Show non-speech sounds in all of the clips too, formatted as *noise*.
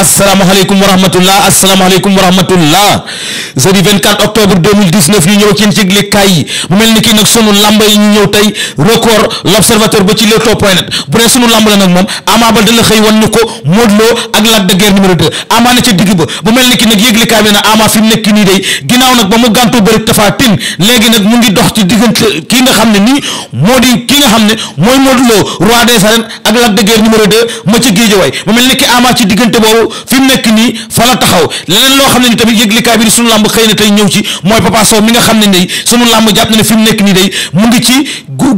asalaamaaleykum wa rahmatullah asalaamaaleykum wa rahmatullah jeudi 24 octobre 2019 ñu ñëw ak yéen ci yëglekaay yi mu mel ni ki nag sunu làmb yi ñu ñëw tey record l'observateur ba ci leewtoo point net bu dee sunu làmb la nag moom Ama Baldé la xëy wan ñu ko Modou Lo ak Lac de Guiers numéro 2 Ama na ca digg ba bu mel ni kii nag yëglekaay bi na Ama fi mu nekk nii day ginnaaw nag ba mu gàntu bëri Tapha nag mu ngi dox ci diggante kii nga xam ne nii moo di kii nga xam ne mooy Modou Lo roi des arènes ak Lac de Guiers numéro 2 ma ca Guédiawaye mu mel ni ki ci diggante boobu fi mu nekk nii fa la taxaw leneen loo xam ne ni tamit li bi di sunu làmb xëy na tey ñëw ci mooy Papa Sow mi nga xam ne ni sunu làmb jàpp na ne fi mu nekk nii day mu ngi ci gu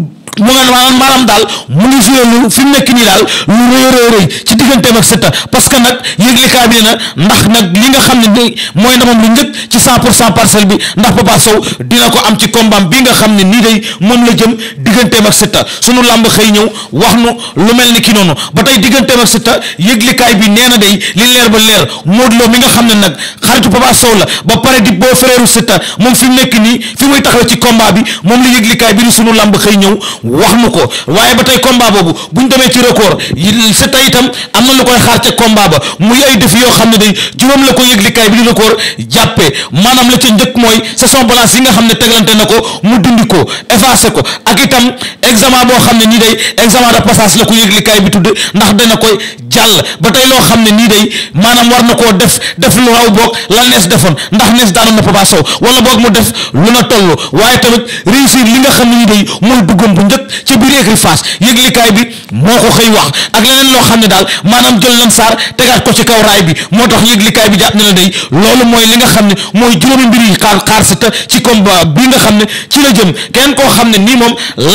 mu nga maanaam maanaam daal mu ngi joué lu fi mu nekk nii daal lu rëy rëy rëy ci digganteem ak Siteu parce que nag yëglikaay bi ne na ndax nag li nga xam ne ni mooy ndamam lu njëkk ci cent pour cent parcelle bi ndax Papa Sow dina ko am ci combat bi nga xam ne nii day moom la jëm digganteem ak Siteu sunu làmb xëy ñëw wax nu lu mel ni ki noonu ba tey digganteem ak Siteu yëglikaay bi nee na day li leer ba leer Modou Lo mi nga xam ne nag xaritu Papa Sow la ba pare di boo frère Siteu moom fi mu nekk nii fi muy taxaw ci combat bi moom la yëglikaay bi ni sunu làmb xëy ñëw wax nu ko waaye ba tey combat boobu bu ñu demee ci record Siteu itam am na lu koy xaar ca combat ba muy ay défi yoo xam ne day juróom la ko yëglikaay bi di record jàppee njëkk mooy ce sont balance yi nga xam ne teglante na ko mu dundi ko effacé ko ak itam examen boo xam ne nii day examen de passage la ko yëglikaay bi tudd ndax dana koy jàll ba tey loo xam ne nii day maanaam war na koo def def lu raw boog la nees defoon ndax nees daanoon na Papa Sow wala boog mu def lu na toll waaye tamit réussir li nga nga xam ne ni day mooy duggoon bu njëkk ca biir écurie yëglikaay bi moo ko xëy wax ak leneen loo xam ne daal maanaam la day loolu mooy li nga xam ne mooy juróomi mbir yi xaar xaar si ci combat bi nga xam ne ci la jëm kenn koo xam la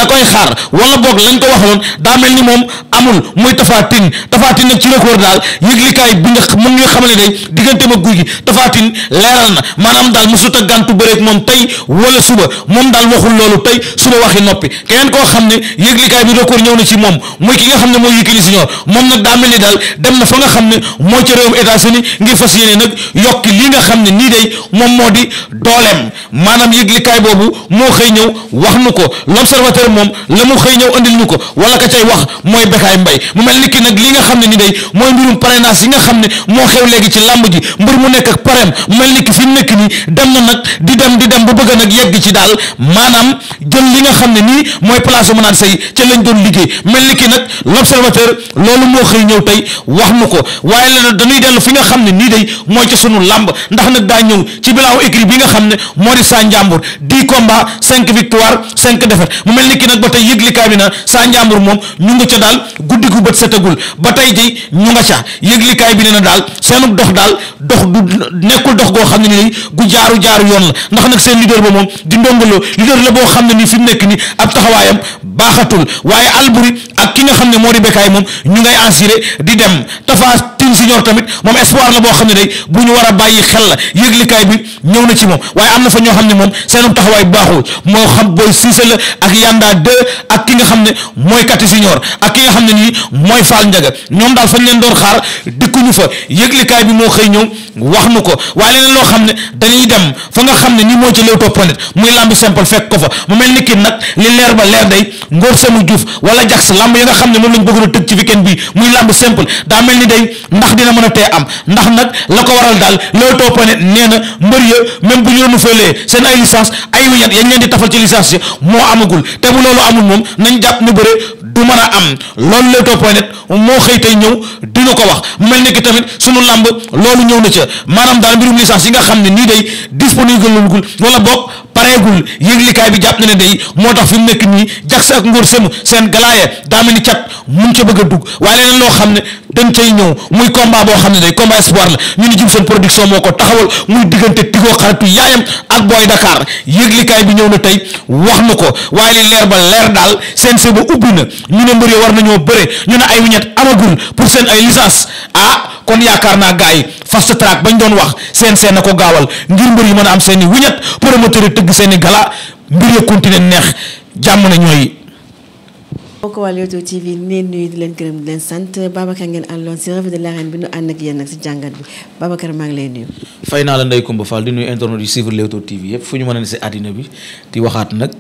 koy xaar wala boog lañ ko waxoon daa mel ni moom amul muy tafaatin tafaatin nag ci record daal yëglikaay bi nga mën nga xamal ne day diggante ma guy gi tafaatin leeral na maanaam daal mosut a gàntu bëreeg moom tey wala suba moom daal waxul loolu tey suba waxi noppi keneen koo xam ne yëglikaay bi record ñëw na ci moom muy ki nga xam ne mooy moom nag daa mel ni daal dem na fa nga xam ne mooy ca réewum États-Unis ngir fas yéene nag yokki li nga xam ne nii day moom moo di dooleem maanaam yëglikaay boobu moo xëy ñëw wax nu ko l'observateur moom la mu xëy ñëw andil ñu ko wala ka cay wax mooy Bécaye mbay mu mel ni ki nag li nga xam ne nii day mooy mbirum parrainage yi nga xam ne moo xew léegi ci làmb ji mbir mu nekk ak pareem mu mel ni ki fi mu nekk nii dem na nag di dem di dem ba bëgg nag yegg ci daal maanaam jël li ne nii mooy place u mënaan say ca lañ doon liggéey mel ni fi nga xam ne nii day mooy ci sunu làmb ndax nag daa ñëw ci bilaaw écrit bi nga xam ne moo di Sa Ndiambour dix combats cinq victoire cinq défaites mu mel ni ki nag ba tey yëglikaay bi na Sa Ndiambour moom ñu nga ca daal guddi gu bët setagul ba tey ji ñu nga ca yëglikaay bi ne na daal seenu dox daal dox du nekkul dox goo xam ne nii gu jaaru jaar yoon la ndax nag seen leader ba moom di ndongolo leader la boo xam ne nii ni fi mu nekk ni ab taxawaayam baaxatul waaye Albouri ak ki nga xam ne moo di Bécaye moom ñu ngay assuré di dem tafaas Tine Junior tamit moom espoir la boo xam ne day bu ñu war a bàyyi xel la yëglikaay bi ñëw na ci moom waaye am na fa ñoo xam ne moom seenum taxawaay baaxul moo xam booy Cissé la ak Yanda 2 ak ki nga xam ne mooy Kati Junior ak ki nga xam ne nii mooy Fall Ndiaga ñoom daal fañ leen doon xaar dikkuñu fa yëglikaay bi moo xëy ñëw wax nu ko waaye leneen muy lambi simple fekk ko fa mu mel ni ki nag li leer ba leer day ngóor senu Diouf wala jax lamb ya nga xam ne moom lañ bëggoon a tëg ci weekend bi muy lamb simple daa mel ni day ndax dina mën a tee am ndax nag la ko waral daal loolu toppane nee na mbër ya même bu ñu renouvelé seen ay licence ay wiñat yañ leen di tafal ci licence yi moo amagul te bu loolu amul moom nañ jàpp ne bëre du mën a am loolu Leewtoo point net moo xëy tey ñëw dina ko wax mel ni ki tamit sunu làmb loolu ñëw na ca maanaam daal mbirum licence yi nga xam ne nii day disponible lugul wala bokk pareegul yëglikaay bi jàpp na ne day moo tax fi mu nekk nii Jackson ak Ngor Sem seen galaaye daa mel ni cat mun ca bëgg a dugg waaye leneen loo xam ne dañ cay ñëw muy combat boo xam ne day combat espoir la ñu ni jim seen production moo ko taxawal muy diggante Tigo xaritu yaayam ak Boy Dakar yëglikaay bi ñëw na tey wax na ko waaye li leer ba leer daal seen see ba ubbi na ñu ne mbër yi war nañoo bëre ñu ne ay wiñet amagul pour seen ay licence ah kon yaakaar naa fast track bañ doon wax seen seen a ko gaawal ngir mbir yi mën a am seen i wiñat promoteur yi tëgg seen i gala mbir ya continuer neex jàmm na ñooy. mbokk waa Leewtoo TV neen nuyu di leen gërëm di leen sant Babacar ngeen àndoon si revue de l'arène bi nu ànd ak yéen nag si jàngat bi Babacar maa ngi lay nuyu. fay naa la Ndeye Coumba Fall di nuyu internet yu suivre Leewtoo TV yëpp fu ñu mën a ne si àddina bi di waxaat nag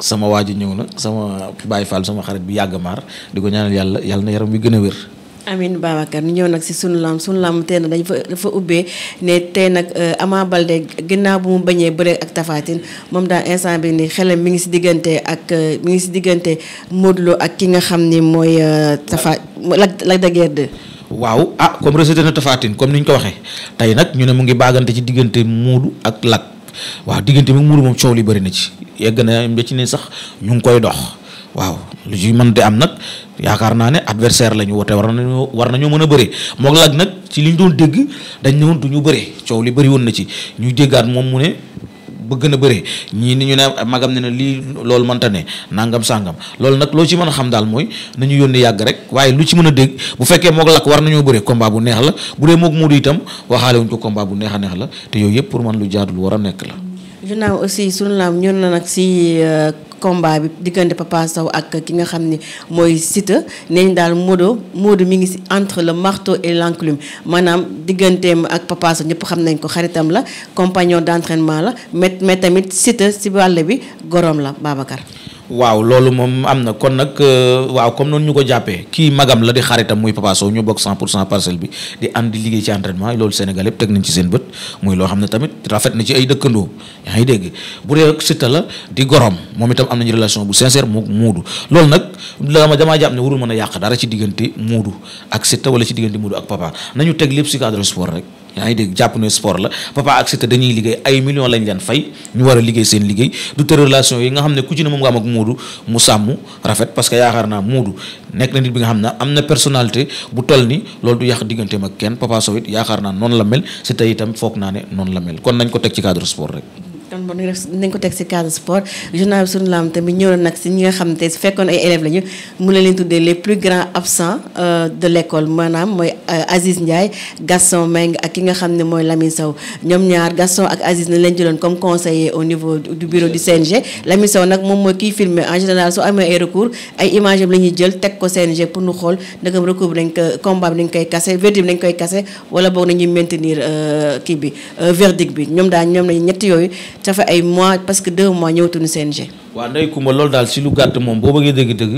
sama waaju ñëw na sama Baye Fall sama xarit bi yàgg maar di ko ñaanal yàlla yàlla na yaram bi gën a wér. amin Babacar ñu ñëw nag si sunu lam sunu lam tey nag dañ fa dafa ubbee ne tey nag euh, Ama Baldé ginnaaw bu mu bañee bëre ak tafaatin moom daal instant bi ni xelam mi ngi si diggante ak euh, mi ngi si diggante Modou ak ki nga xam ni mooy euh, Tapha Lac Lac de Guiers 2 waaw ah comme rejeté na Tapha comme ni ko waxee tey nag ñu ne mu ngi baagante ci diggante Modou ak Lac waaw diggante bi Modou moom coow li bëri na ci yegg na ba ci ne sax ñu ngi koy dox waaw lu ci mën di am nag yaakaar naa ne adversaire la ñu woote war nañoo war nañoo mën a bëre moog laaj nag ci li ñu doon dégg dañ ne woon du ñu bëree coow li bëri woon na ci ñu déggaat moom mu ne bëgg na bëre ñii ni ñu ne magam ne ne lii loolu mënta ne nangam sàngam loolu nag loo ci mën a xam daal mooy nañu yónni yàgg rek waaye lu ci mën a dégg bu fekkee moog lakk war nañoo bëre combat bu neex la bu dee moog Modou itam waxaale wuñ ko combat bu neex a neex la te yooyu yëpp pour man lu jaadul war a nekk la lu aussi sunu laam ñëw na nag si euh, combat bi diggante Papa ak ki nga xam ni mooy sita nee daal Modou Modou mi ngi si entre le marto et l'enclume maanaam digganteem ak Papa Sow ñëpp xam nañ ko xaritam la compagnon d'entraînement la mais mais tamit Siteu si wàll bi goroom la Babacar. waaw loolu moom am na kon nag euh, waaw comme noonu ñu ko jàppee kii magam la di xaritam muy Papa Sow ñu bokk 100 pour cent parcelle bi di ànd di liggéey ci entraînement loolu Sénégal yëpp teg nañ ci seen bët muy loo xam ne tamit rafet na ci ay dëkkandoo yaa ngi dégg bu dee Siteu la di gorom moom itam am nañu relation bu sincère mu muudu loolu nag dama damaa jàpp ne warul mën a yàq dara ci diggante muudu ak Siteu wala ci diggante muudu ak papa nañu teg lépp si cadre sport rek yaa ngi dégg jàpp ne sport la papa ak Siteu dañuy liggéey ay millions lañ leen fay ñu war a liggéey seen liggéey du te relation yi nga xam ne ku ci ne moom nga am ak Moodu mu sàmm rafet parce que yaakaar naa Moodu nekk na nit bi nga xam ne am na personnalité bu toll ni loolu du yàq digganteem ak kenn papa Sow it yaakaar naa noonu la mel Siteu itam foog naa ne noonu la mel kon nañ ko teg ci cadre sport rek kon bon ko teg si Casa Sport journal suñu lam tamit ñëw na nag si ñi nga xam te su fekkoon ay élèves lañu mu la leen tuddee les plus grands absents euh, de l' maanaam mooy euh, Aziz Ndiaye Gaston Meng ak ki nga xam ne mooy Lamine Sow ñoom ñaar Gaston ak Aziz na leen jëloon comme conseiller au niveau du bureau du CNG Lamine Sow nag moom mooy kiy filmé en général soo amee ay recours ay images am jël teg ko CNG pour ñu xool ndegam recours bi nañ ko combat bi nañ koy kase verdict bi nañ koy kase wala boog nañuy maintenir euh, kii bi verdict bi ñoom daal ñoom nañu ñetti yooyu ça fait ay mois parce que deux mois ñëwatuñu CNG. waaw ndey kumba loolu daal si lu gàtt moom boo bëggee dëgg-dëgg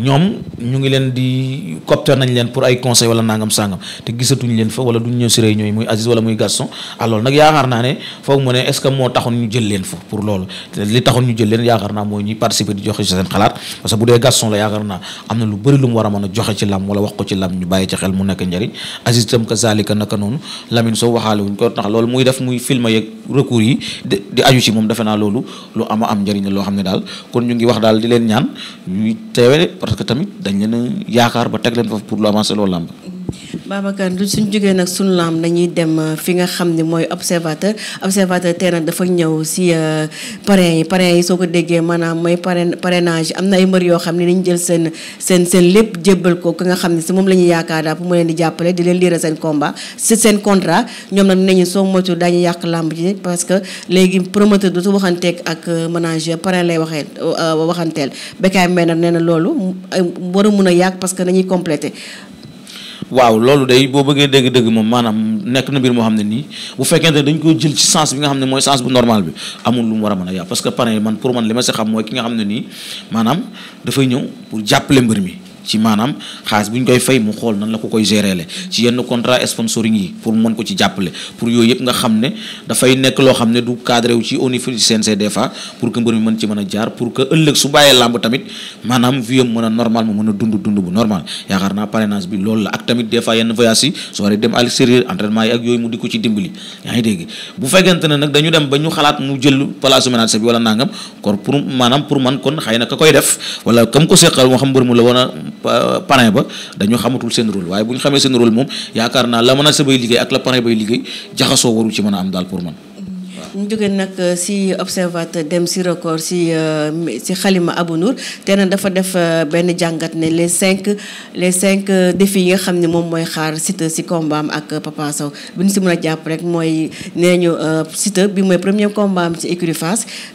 ñoom ñu ngi leen di copter nañ leen pour ay conseil wala nangam sangam te gisatuñ leen fa wala duñ ñëw si réunion yi muy Aziz wala muy Gaston ah loolu nag yaakaar naa ne foog mu ne est ce que moo taxoon ñu jël leen fa pour loolu li taxoon ñu jël leen yaakaar naa mooy ñuy participer di joxe si seen xalaat parce bu dee Gaston la yaakaar naa am na lu bëri lu mu war a mën a joxe ci lam wala muy def muy film moom defe naa loolu lu ama am loo xam ne daal daal kon ñu ngi wax daal di leen ñaan ñu ñuy teewe parce que tamit dañ leen a yaakaar ba teg leen foofu pour lu avancer loolu làmb Babacar lu suñ jógee nag suñu lamb dañuy dem euh, fi nga xam ne mooy observateur observateur tey dafa ñëw si euh, parrain yi parrain yi soo ko déggee maanaam mooy parrain parrainage am na ay yoo xam ne dañu jël seen seen seen lépp jébbal ko ki nga xam ne si moom la ñuy yaakaar daal pour mu leen di jàppale di leen liiral seen combat si seen contrat ñoom nag nañu soo moytu dañu yàq lamb ji parce que léegi promoteur dootu waxanteeg ak euh, manager parrain lay waxee waxanteel Bécaye Mbengue nag nee na loolu war a mun a yàq parce que nañuy complété waaw loolu day boo bëggee dégg-dégg moom maanaam nekk na mbir moo xam ne nii bu fekkente dañ ko jël ci sens bi nga xam ne mooy sens bu normal bi amul lu mu war a mën a yaa parce que parrain man pour man li ma si xam mooy ki nga xam ne nii maanaam dafay ñëw pour jàppale mbir mi ci maanaam xaalis bu koy fay mu xool nan la ko koy gérer ci yenn contrat sponsoring yi pour mën ko ci jàppale pour yooyu yëpp nga xam ne dafay nekk loo xam ne du cadré ëllëg su bàyyee làmb tamit maanaam viam mën a normal mu mën a dund dund bu normal yaakaar naa parrainage bi loolu la ak tamit des yenn voyage yi su waree dem à l'extérieur entraînement yi ak yooyu mu di ko ci dimbali yaa ngi dégg bu fekkente ne nag dañu dem ba ñu xalaat mu jël place parrain ba dañu xamatul seen rôle waaye bu ñu xamee seen rôle moom yaakaar naa la mën a sa liggéey ak la parrain bay liggéey jaxasoo waru ci mën a am daal pour man ñu jógee nag euh, si observateur dem si record si euh, si xalima Abou Nour te nag dafa def euh, benn jàngat ne les cinq les cinq défis yi nga xam ne moom mooy xaar Siteu si combat ak Papa bi ñu si mën a jàpp rek mooy nee ñu Siteu bi mooy premier combat am si écurie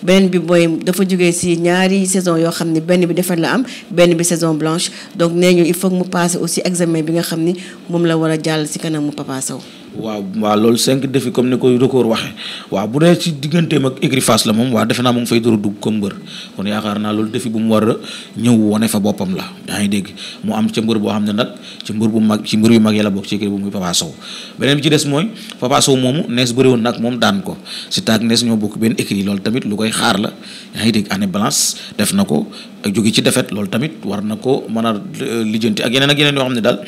beneen bi mooy dafa jógee si ñaari saison yoo xam ne benn bi defet la am benn bi saison blanche donc nee ñu il faut mu passer aussi examen bi nga xam ni moom la war a jàll si kanamu Papa Sow waaw waaw loolu cinq défis comme ni ko record waxee waaw bu dee ci digganteem ak écurie la moom waaw defe naa mu fay door dugg comme mbër kon yaakaar naa loolu défi bu mu war a ñëw wone fa boppam la yaa ngi dégg mu am ca mbër boo xam ne nag ci mbër bu mag ci mbër yu mag yàlla bokk ci écurie bu muy Papa Sow beneen bi ci des mooy Papa Sow moomu nees bëri woon nag moom daan ko si taag nees ñoo bokk benn écurie loolu tamit lu koy xaar la yaa ngi dégg année balance def na ko ak jóge ci defet loolu tamit war na ko mën a euh, lijjanti ak yeneen ak yeneen yoo xam ne daal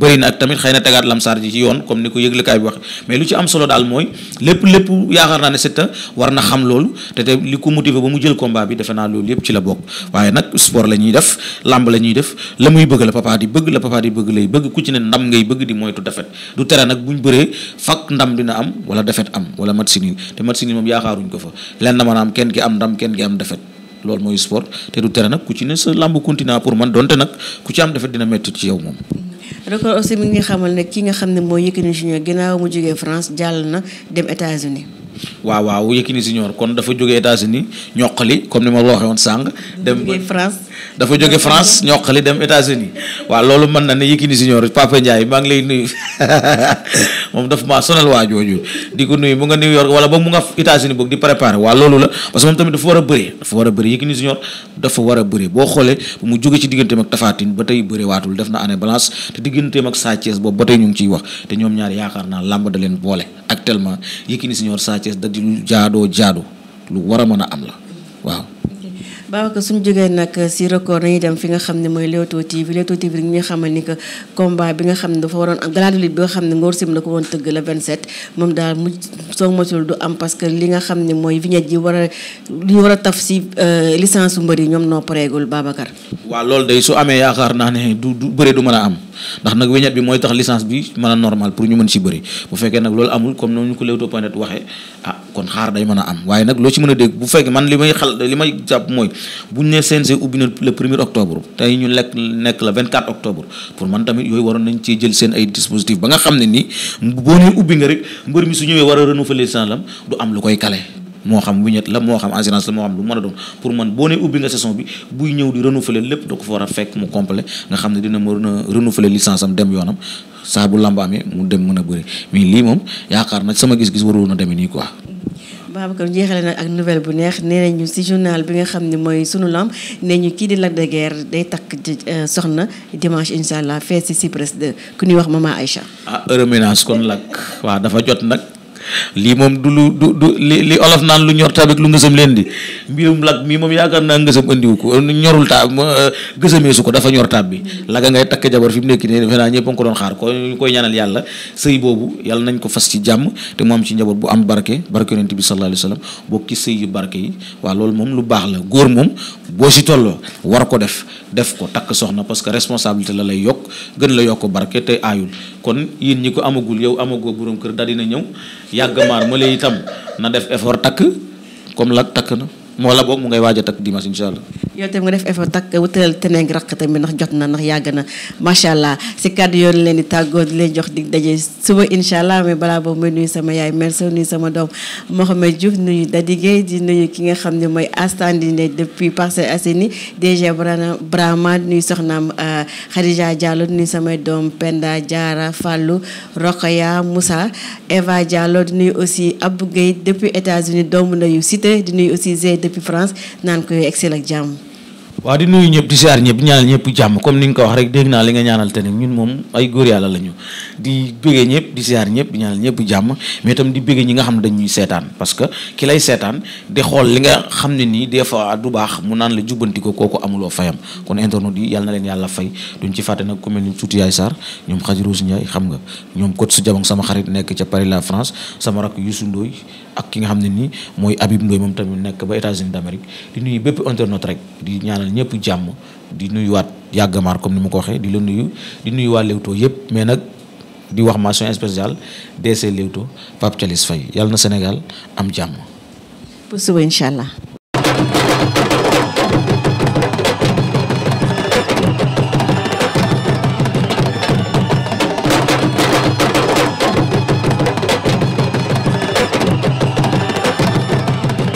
bëri na ak tamit xëy na tegaat lamsaar ji ci yoon comme ni ko yëglekaay bi wax mais lu ci am solo daal mooy lépp lépp yaakaar naa ne Siteu war na xam loolu te te li ko motivé ba mu jël combat bi defe naa loolu yëpp ci la bokk waaye nag sport la ñuy def làmb la ñuy def la muy bëgg la papa di bëgg la papa di bëgg lay bëgg ku ci ne ndam ngay bëgg di moytu defet du tere nag buñ bëree fakk ndam dina am wala defet am wala match te match nul moom yaakaaruñ ko fa lenn maanaam kenn ki am ndam kenn ki am defet loolu mooy sport te du tere nag ku ci ne sa làmb continent pour man donte nag ku ci am dafa dina métti ci yow moom. record aussi mi ngi xamal ne ki nga xam ne mooy Yékini Junior ginnaaw mu jógee France jàll nag dem États-Unis waaw waaw Yékini Junior kon dafa jógee États-Unis ñoqali comme ni ma la waxee woon sàng dem France dafa jóge France ñoqali dem États-Unis waaw loolu mën na ne Yékini Junior Papa Ndiaye maa ngi lay nuyu *laughs* moom daf maa sonal waa jooju di ko nuyu mu nga New York wala ba mu nga États-Unis boog di préparer waa loolu la parce que moom tamit dafa war a bëri dafa war a bëri dafa war a bëri boo xoolee mu jóge ci digganteem ak Tapha ba tey bëri waatul def na année balance te digganteem ak Sa Thiès boobu ba tey ñu ngi ciy wax te ñoom ñaar yaakaar naa làmb da leen boole actuellement Yékini Junior Sa Thiès da di lu jaadoo jaadoo lu war a mën a am la waaw baax ko suñu jógee nag si record nañuy dem fi nga xam ne mooy Leewtoo TV Leewtoo TV li xamal ni que combat bi nga xam ne dafa waroon am galaadu bi nga xam ne Ngor Sim la ko woon tëgg le 27 moom daal mu soo matul du am parce que li nga xam ne mooy vignette yi war a li war a taf si euh, licence su mbër yi ñoom noo pareegul Babacar. waaw loolu day su amee yaakaar naa ne du du bëre du mën a am. ndax nag weñet bi mooy tax licence bi mën a normal pour ñu mën ci bëri bu fekkee nag loolu amul comme noonu ñu ko Leewtoo point net waxee ah kon xaar day mën a am waaye nag loo ci mën a dégg bu fekkee man li may xal li may jàpp mooy buñ ne CNG ubbi na le premier octobre tey ñu lekk nekk le 24 octobre pour man tamit yooyu waroon nañ cee jël seen ay dispositif ba nga xam ne nii boo nee ubbi nga rek mbër mi su ñëwee war a renouveler licence am du am lu koy kale moo xam wiñet la moo xam assurance la moo xam lu mën a doon pour man boo ne ubbi nga saison bi buy ñëw di renouveler lépp da ko fa war a fekk mu complet nga xam ne dina mën a renouveler licence am dem yoonam saa bu lambaamee mu dem mën a bëri mais lii moom yaakaar nag sama gis-gis warul na demee nii quoi. Babacar jeexale nag ak nouvelle bu neex nee ñu ci journal bi nga xam ne mooy sunu lamb nee ñu kii di Lac de day takk euh, soxna dimanche incha allah fee ci Cyprus ku ñuy wax maman Aïcha. ah heure ménage kon Lac waaw dafa jot nag. lii moom du lu du du li li olof naan lu ñor taabik lu ngësëm leen di mbirum lag mii moom yaakaar naa ngësëm andiwu ko ñorul taab euh, gësëmee su ko dafa ñor taab bi laga ngay takk jabar fi mu nekk nii defe naa ñëpp a ko doon xaar ko ñu koy ñaanal yàlla sëy boobu yàlla nañ ko fas ci jàmm te mu am ci njaboot bu am barke barke yonent bi sallallahu alayhi wa sallam bokk ci sëy yu barke yi waaw loolu moom lu baax la góor moom boo si tolloo war ko def def ko takk soxna parce que responsabilité la lay yokk gën la yokk barke te aayul kon yéen ñi ko amagul yow amagoo boroom kër daal dina ñëw yàgg maar ma lay itam na def efort takk comme lak takk na moo la boog mu ngay waaj a takk dimanche incha allah. yow tam nga def effort takk wutalal teneen rakk tamit ndax jot na ndax yàgg na macha allah si kàddu yoon leen di tàggoo di leen jox dig daje suba incha allah mais balaa boobu may nuyu sama yaay merci nuyu sama doom Mouhamed Diouf nuyu Dadi Gueye di nuyu ki nga xam ne mooy astandine depuis Parcelles Assainies DG Brahma nuyu soxnaam euh, Khadija Diallo nuyu samay doom Penda Diara Fallou Rokhaya Moussa Eva Diallo di nuyu aussi Abou Gueye depuis États-Unis doomu ndeyu Cité di nuyu aussi depuis France naan ko excel ak jàmm. waaw di nuyu ñëpp di siyaar ñëpp ñaanal ñëpp jàmm comme ni nga ko wax rek dégg naa li nga ñaanal te ne ñun moom ay góor yàlla la ñu di bëggee ñëpp di siyaar ñëpp di ñëpp jàmm mais itam di bëggee ñi nga xam ne dañuy seetaan parce que ki lay seetaan di xool li nga xam ne nii des fois du baax mu naan la jubbanti kooku amuloo fayam kon internet yi yàlla na leen yàlla fay duñ ci fàtte nag ku mel ni tuuti yaay Sarr ñoom Khady Rose Ndiaye xam nga ñoom coach su jabang sama xarit nekk ca Paris la France sama rakk Youssou Ndoye ak ki nga xam ne nii mooy Habib Ndoye moom tamit nekk ba États-Unis d'Amérique di nuyu bépp internaute rek di ñaanal ñëpp jàmm di nuyuwaat yàggamaar comme ni ma ko waxee di la nuyu di nuyu waa Leewtoo yëpp mais nag di wax mention spéciale DC Leewtoo Pape Thialis Faye yàlla na Sénégal am jàmm.